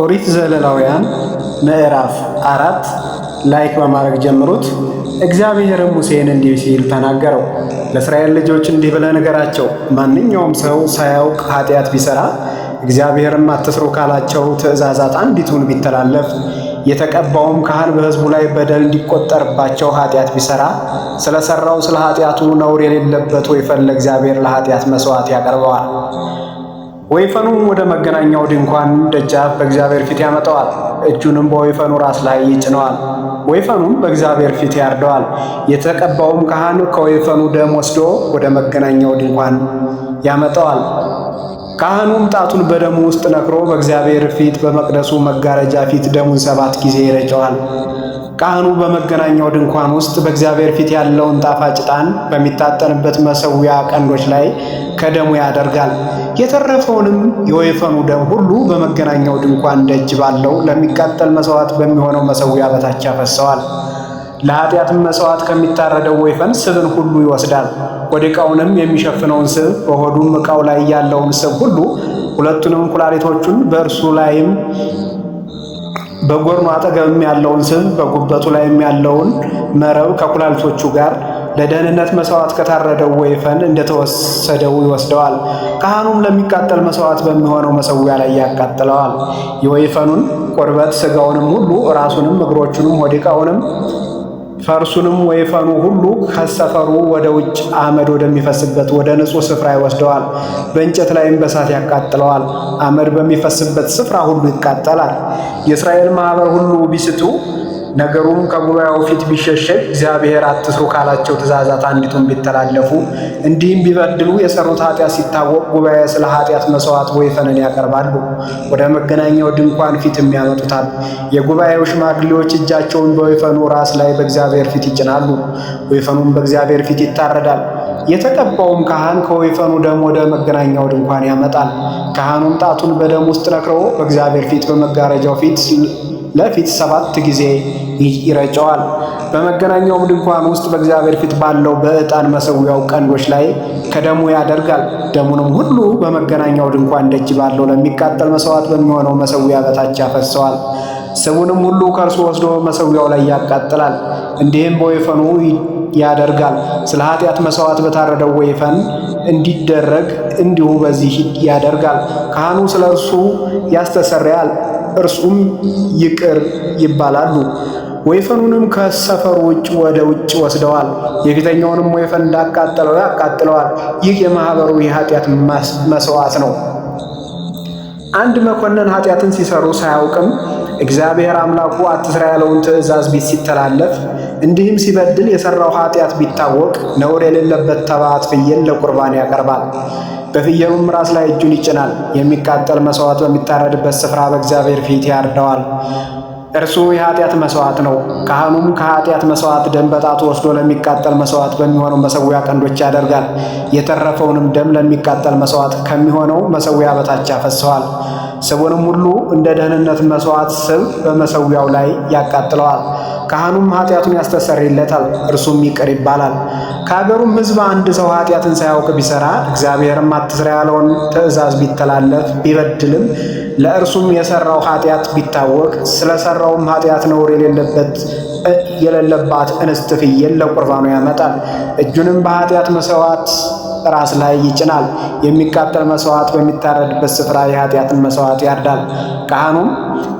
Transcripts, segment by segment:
ኦሪት ዘሌዋውያን ምዕራፍ አራት ላይክ በማድረግ ጀምሩት። እግዚአብሔርም ሙሴን እንዲህ ሲል ተናገረው፣ ለእስራኤል ልጆች እንዲህ ብለህ ንገራቸው፣ ማንኛውም ሰው ሳያውቅ ኃጢአት ቢሠራ እግዚአብሔርም አትስሩ ካላቸው ትእዛዛት አንዲቱን ቢተላለፍ የተቀባውም ካህን በሕዝቡ ላይ በደል እንዲቆጠርባቸው ኃጢአት ቢሠራ ስለ ሠራው ስለ ኃጢአቱ ነውር የሌለበት ወይፈን ለእግዚአብሔር ለኃጢአት መሥዋዕት ያቀርበዋል። ወይፈኑም ወደ መገናኛው ድንኳን ደጃፍ በእግዚአብሔር ፊት ያመጣዋል። እጁንም በወይፈኑ ራስ ላይ ይጭነዋል። ወይፈኑም በእግዚአብሔር ፊት ያርደዋል። የተቀባውም ካህን ከወይፈኑ ደም ወስዶ ወደ መገናኛው ድንኳን ያመጣዋል። ካህኑም ጣቱን በደሙ ውስጥ ነክሮ በእግዚአብሔር ፊት በመቅደሱ መጋረጃ ፊት ደሙን ሰባት ጊዜ ይረጨዋል። ካህኑ በመገናኛው ድንኳን ውስጥ በእግዚአብሔር ፊት ያለውን ጣፋጭ ዕጣን በሚታጠንበት መሰዊያ ቀንዶች ላይ ከደሙ ያደርጋል። የተረፈውንም የወይፈኑ ደም ሁሉ በመገናኛው ድንኳን ደጅ ባለው ለሚቃጠል መሥዋዕት በሚሆነው መሰዊያ በታች ያፈሰዋል። ለኃጢአትም መሥዋዕት ከሚታረደው ወይፈን ስብን ሁሉ ይወስዳል። ወደ ዕቃውንም የሚሸፍነውን ስብ በሆዱም ዕቃው ላይ ያለውን ስብ ሁሉ ሁለቱንም ኩላሊቶቹን በእርሱ ላይም በጎርኑ አጠገብም ያለውን ስብ በጉበቱ ላይም ያለውን መረብ ከኩላሊቶቹ ጋር ለደህንነት መሥዋዕት ከታረደው ወይፈን እንደተወሰደው ይወስደዋል። ካህኑም ለሚቃጠል መሥዋዕት በሚሆነው መሠዊያ ላይ ያቃጥለዋል። የወይፈኑን ቁርበት ሥጋውንም ሁሉ ራሱንም እግሮቹንም ወዲቃውንም ፈርሱንም ወይፈኑ ሁሉ ከሰፈሩ ወደ ውጭ አመድ ወደሚፈስበት ወደ ንጹህ ስፍራ ይወስደዋል። በእንጨት ላይም በሳት ያቃጥለዋል። አመድ በሚፈስበት ስፍራ ሁሉ ይቃጠላል። የእስራኤል ማኅበር ሁሉ ቢስቱ ነገሩም ከጉባኤው ፊት ቢሸሸግ እግዚአብሔር አትስሩ ካላቸው ትእዛዛት አንዲቱን ቢተላለፉ እንዲህም ቢበድሉ የሰሩት ኃጢአት ሲታወቅ ጉባኤ ስለ ኃጢአት መስዋዕት ወይፈንን ያቀርባሉ፣ ወደ መገናኛው ድንኳን ፊትም ያመጡታል። የጉባኤው ሽማግሌዎች እጃቸውን በወይፈኑ ራስ ላይ በእግዚአብሔር ፊት ይጭናሉ፣ ወይፈኑም በእግዚአብሔር ፊት ይታረዳል። የተቀባውም ካህን ከወይፈኑ ደም ወደ መገናኛው ድንኳን ያመጣል። ካህኑም ጣቱን በደም ውስጥ ነክሮ በእግዚአብሔር ፊት በመጋረጃው ፊት ለፊት ሰባት ጊዜ ይረጨዋል። በመገናኛውም ድንኳን ውስጥ በእግዚአብሔር ፊት ባለው በዕጣን መሰዊያው ቀንዶች ላይ ከደሙ ያደርጋል። ደሙንም ሁሉ በመገናኛው ድንኳን ደጅ ባለው ለሚቃጠል መሥዋዕት በሚሆነው መሰዊያ በታች ያፈሰዋል። ስቡንም ሁሉ ከእርሱ ወስዶ መሰዊያው ላይ ያቃጥላል። እንዲህም በወይፈኑ ያደርጋል። ስለ ኃጢአት መሥዋዕት በታረደው ወይፈን እንዲደረግ እንዲሁ በዚህ ያደርጋል። ካህኑ ስለ እርሱ ያስተሰርያል። እርሱም ይቅር ይባላሉ። ወይፈኑንም ከሰፈሩ ውጭ ወደ ውጭ ወስደዋል። የፊተኛውንም ወይፈን እንዳቃጠለው ያቃጥለዋል። ይህ የማኅበሩ የኃጢአት መሥዋዕት ነው። አንድ መኮንን ኃጢአትን ሲሰሩ ሳያውቅም እግዚአብሔር አምላኩ አትስራ ያለውን ትእዛዝ ቤት ሲተላለፍ እንዲህም ሲበድል የሰራው ኃጢአት ቢታወቅ ነውር የሌለበት ተባት ፍየል ለቁርባን ያቀርባል። በፍየሉም ራስ ላይ እጁን ይጭናል። የሚቃጠል መሥዋዕት በሚታረድበት ስፍራ በእግዚአብሔር ፊት ያርደዋል። እርሱ የኃጢአት መሥዋዕት ነው። ካህኑም ከኃጢአት መሥዋዕት ደም በጣቱ ወስዶ ለሚቃጠል መሥዋዕት በሚሆነው መሠዊያ ቀንዶች ያደርጋል። የተረፈውንም ደም ለሚቃጠል መሥዋዕት ከሚሆነው መሠዊያ በታች ያፈሰዋል። ስቡንም ሁሉ እንደ ደህንነት መስዋዕት ስብ በመሠዊያው ላይ ያቃጥለዋል። ካህኑም ኃጢአቱን ያስተሰርይለታል፣ እርሱም ይቅር ይባላል። ከአገሩም ሕዝብ አንድ ሰው ኃጢአትን ሳያውቅ ቢሰራ እግዚአብሔርም አትስራ ያለውን ትእዛዝ ቢተላለፍ ቢበድልም ለእርሱም የሰራው ኃጢአት ቢታወቅ ስለ ሠራውም ኃጢአት ነውር የሌለበት የሌለባት እንስት ፍየል ለቁርባኑ ያመጣል። እጁንም በኃጢአት መሥዋዕት ራስ ላይ ይጭናል። የሚቃጠል መስዋዕት በሚታረድበት ስፍራ የኃጢአትን መስዋዕት ያርዳል። ካህኑም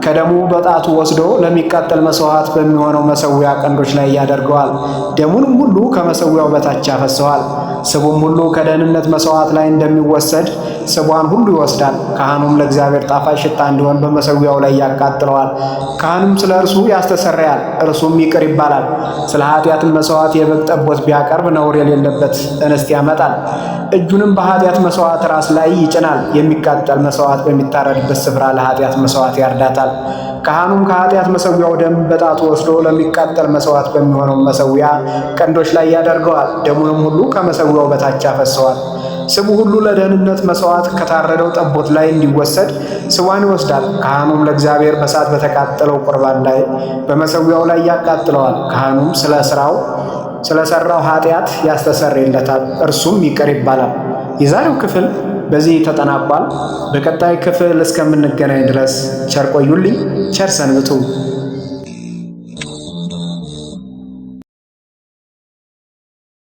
ከደሙ በጣቱ ወስዶ ለሚቃጠል መስዋዕት በሚሆነው መሰዊያ ቀንዶች ላይ ያደርገዋል። ደሙንም ሁሉ ከመሰዊያው በታች ያፈሰዋል። ስቡም ሁሉ ከደህንነት መስዋዕት ላይ እንደሚወሰድ ስቧን ሁሉ ይወስዳል። ካህኑም ለእግዚአብሔር ጣፋጭ ሽታ እንዲሆን በመሰዊያው ላይ ያቃጥለዋል። ካህኑም ስለ እርሱ ያስተሰርያል፣ እርሱም ይቅር ይባላል። ስለ ኃጢአትም መስዋዕት የበግ ጠቦት ቢያቀርብ ነውር የሌለበት እንስት ያመጣል። እጁንም በኃጢአት መስዋዕት ራስ ላይ ይጭናል። የሚቃጠል መስዋዕት በሚታረድበት ስፍራ ለኃጢአት መስዋዕት ያርዳታል። ካህኑም ከኃጢአት መሰዊያው ደም በጣቱ ወስዶ ለሚቃጠል መሥዋዕት በሚሆነው መሰዊያ ቀንዶች ላይ ያደርገዋል። ደሙንም ሁሉ ከመሰዊያው በታች ያፈሰዋል። ስቡ ሁሉ ለደህንነት መሥዋዕት ከታረደው ጠቦት ላይ እንዲወሰድ ስቧን ይወስዳል። ካህኑም ለእግዚአብሔር በሳት በተቃጠለው ቁርባን ላይ በመሰዊያው ላይ ያቃጥለዋል። ካህኑም ስለ ሥራው ስለ ሠራው ኃጢአት ያስተሰርይለታል፣ እርሱም ይቅር ይባላል። የዛሬው ክፍል በዚህ ተጠናቋል። በቀጣይ ክፍል እስከምንገናኝ ድረስ ቸር ቆዩልኝ። ቸር ሰንብቱ።